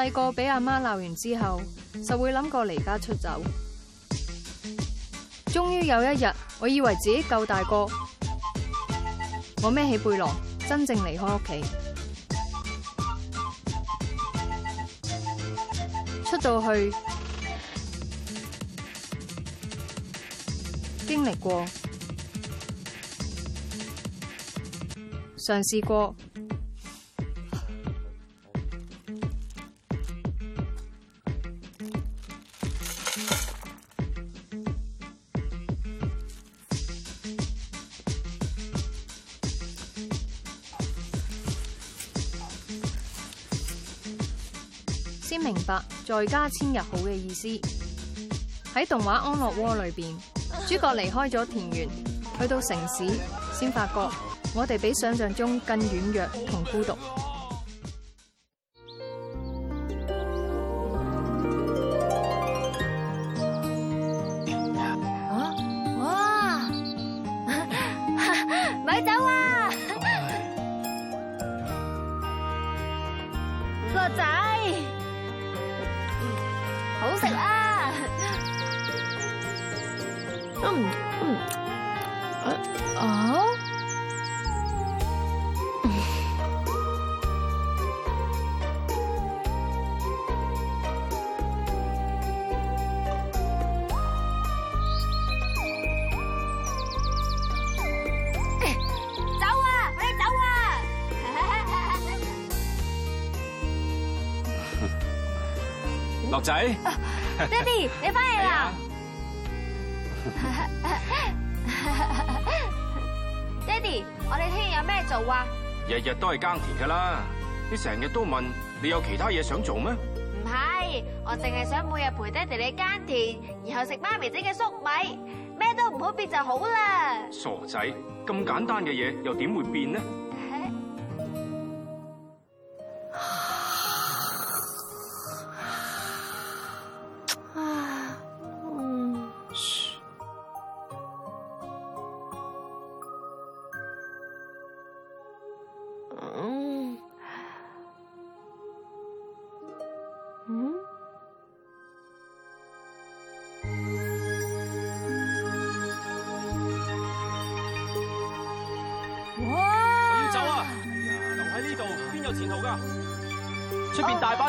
細個俾阿媽鬧完之後，就會諗過離家出走。終於有一日，我以為自己夠大個，我孭起背囊，真正離開屋企，出到去，經歷過，嘗試過。在家千日好嘅意思，喺動畫《安樂窩》裏邊，主角離開咗田園，去到城市，先發覺我哋比想象中更軟弱同孤獨。樂仔，爹哋，你翻嚟啦！爹哋，我哋聽日有咩做啊？日日都係耕田噶啦，你成日都問，你有其他嘢想做咩？唔係，我淨係想每日陪爹哋你耕田，然後食媽咪整嘅粟米，咩都唔好變就好啦。傻仔，咁簡單嘅嘢又點會變呢？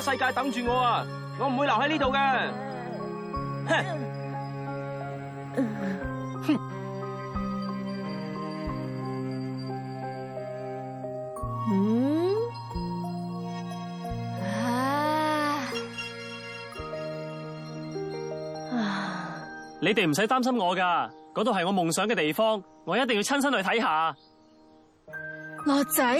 世界等住我啊！我唔會留喺呢度嘅。哼！嗯啊，你哋唔使擔心我噶，嗰度係我夢想嘅地方，我一定要親身去睇下。樂仔。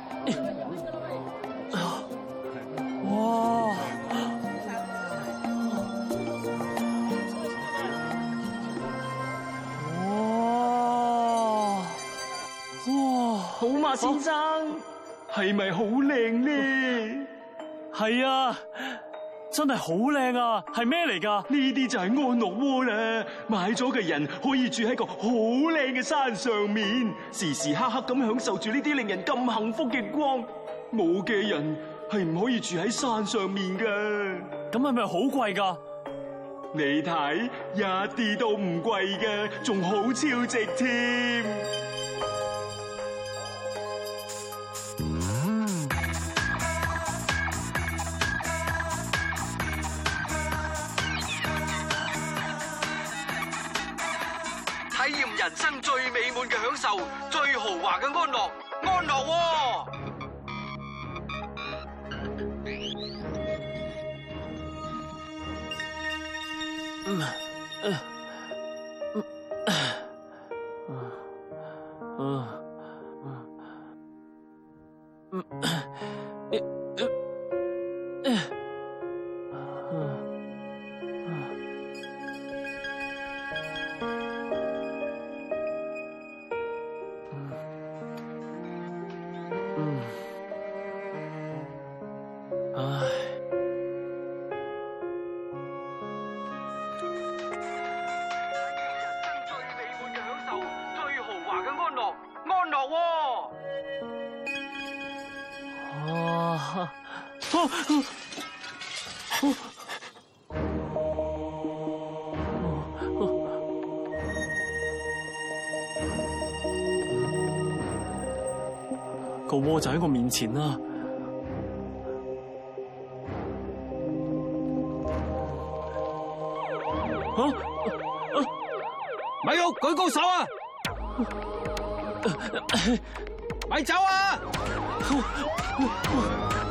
真係好靚啊！係咩嚟噶？呢啲就係安樂窩啦，買咗嘅人可以住喺個好靚嘅山上面，時時刻刻咁享受住呢啲令人咁幸福嘅光。冇嘅人係唔可以住喺山上面㗎。咁係咪好貴噶？你睇，一啲都唔貴嘅，仲好超值添。最美滿嘅享受，最豪華嘅安樂，安樂窩，啊。嗯啊個窩就喺我面前啦！咪喐，玉，舉高手啊！咪走啊！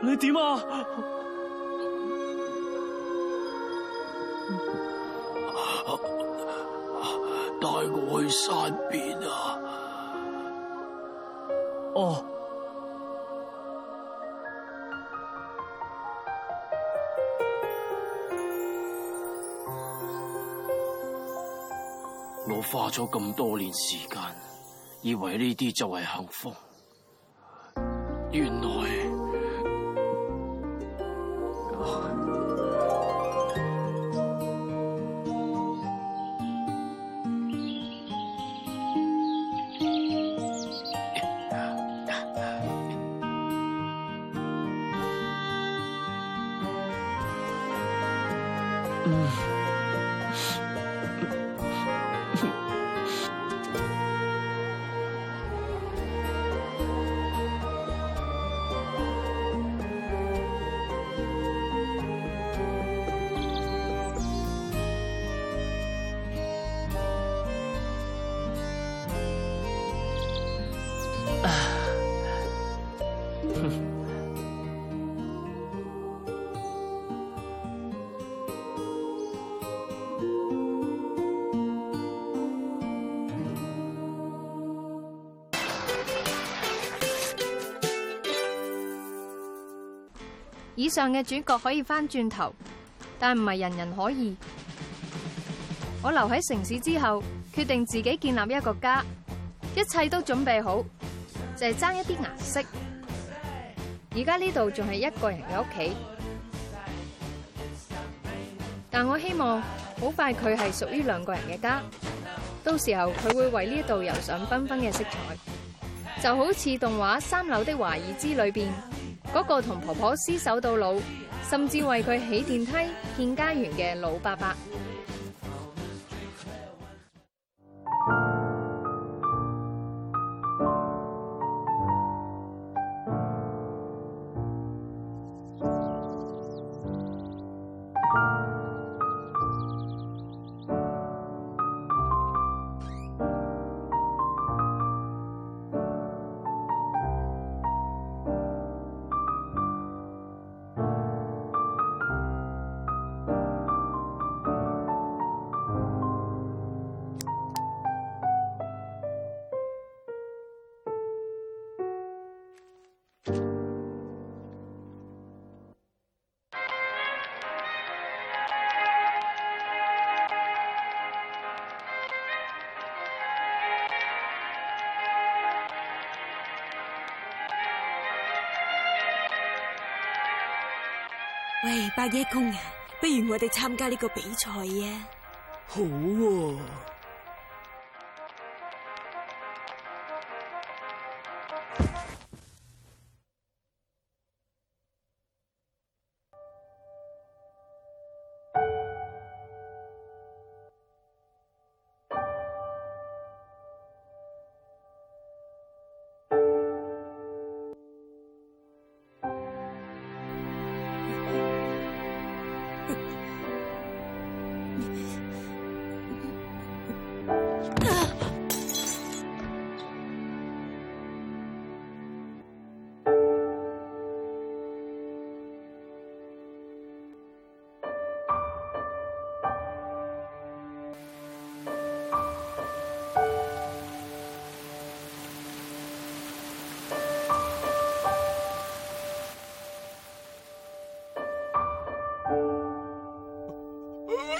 你點啊？帶我去山邊啊！哦，我花咗咁多年時間，以為呢啲就係幸福。原來。嗯。以上嘅主角可以返轉頭，但唔係人人可以。我留喺城市之後，決定自己建立一個家，一切都準備好，就係、是、爭一啲顏色。而家呢度仲係一個人嘅屋企，但我希望好快佢係屬於兩個人嘅家。到時候佢會為呢度油上繽紛嘅色彩，就好似動畫《三樓的華爾滋》之裏邊。嗰個同婆婆廝守到老，甚至為佢起電梯、建家園嘅老伯伯。喂，八一公呀，不如我哋參加呢個比賽呀？好喎！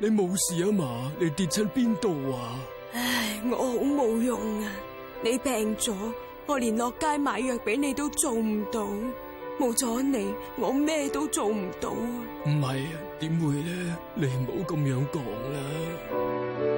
你冇事啊嘛？你跌親邊度啊？唉，我好冇用啊！你病咗，我連落街買藥俾你都做唔到，冇咗你，我咩都做唔到啊！唔係啊？點會咧？你唔好咁樣講啦。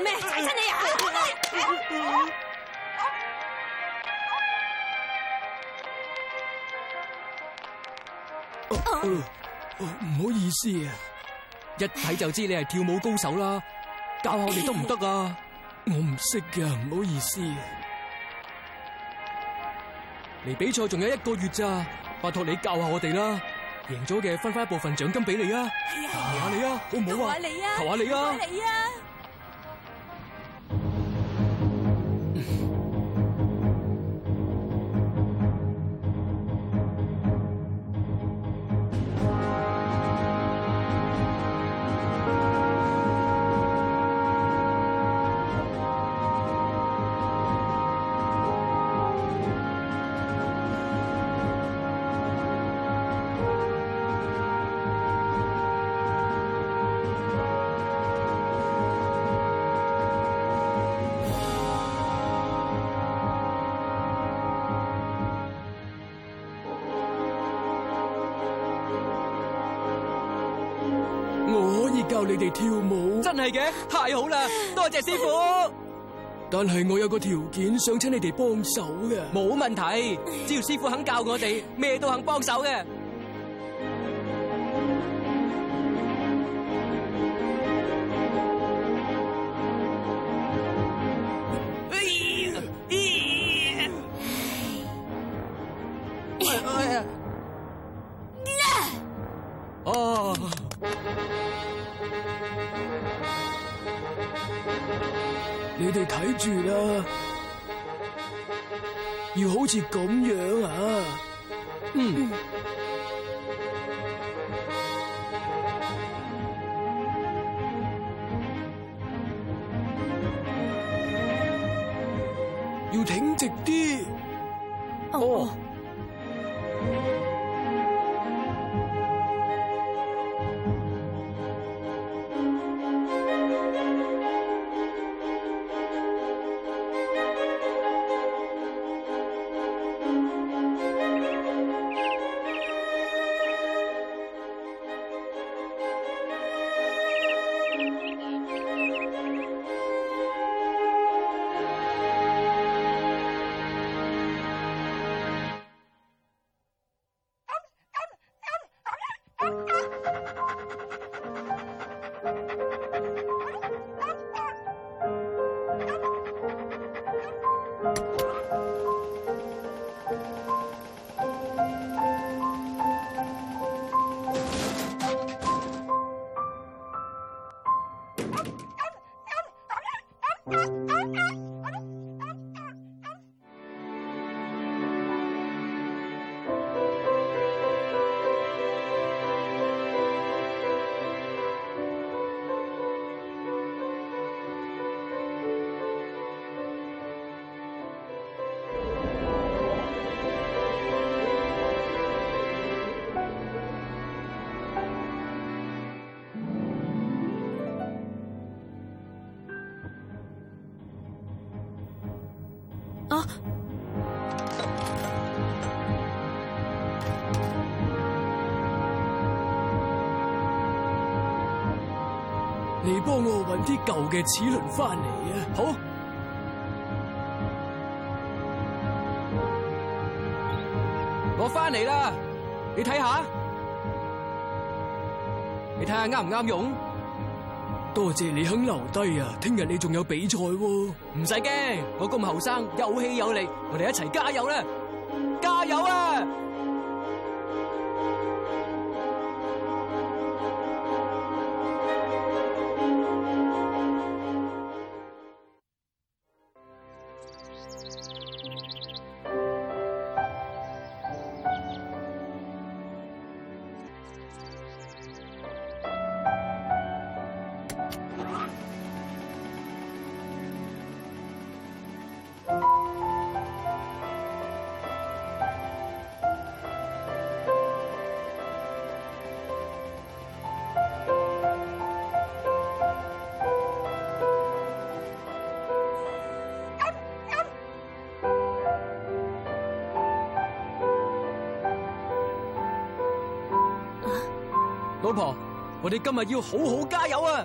咩？踩親你啊！唔、 啊啊啊啊啊、好意思啊，一睇就知你係跳舞高手啦。教下我哋都唔得啊？我唔識㗎，唔好意思、啊。嚟，比賽仲有一個月咋，拜託你教下我哋啦。贏咗嘅分翻一部分獎金俾你啊！求下你啊，好唔好啊？求下你啊，求下你啊！教你哋跳舞，真係嘅，太好啦！多謝師傅。但係我有個條件，想請你哋幫手嘅。冇問題，只要師傅肯教我哋，咩都肯幫手嘅。似咁樣啊，嗯，嗯，要挺直啲。哦。啲舊嘅齒輪翻嚟！啊好，我翻嚟啦，你睇下，你睇下啱唔啱用？多謝你肯留低啊！聽日你仲有比賽喎，唔使驚，我咁後生有氣有力，我哋一齊加油啦！我哋今日要好好加油啊！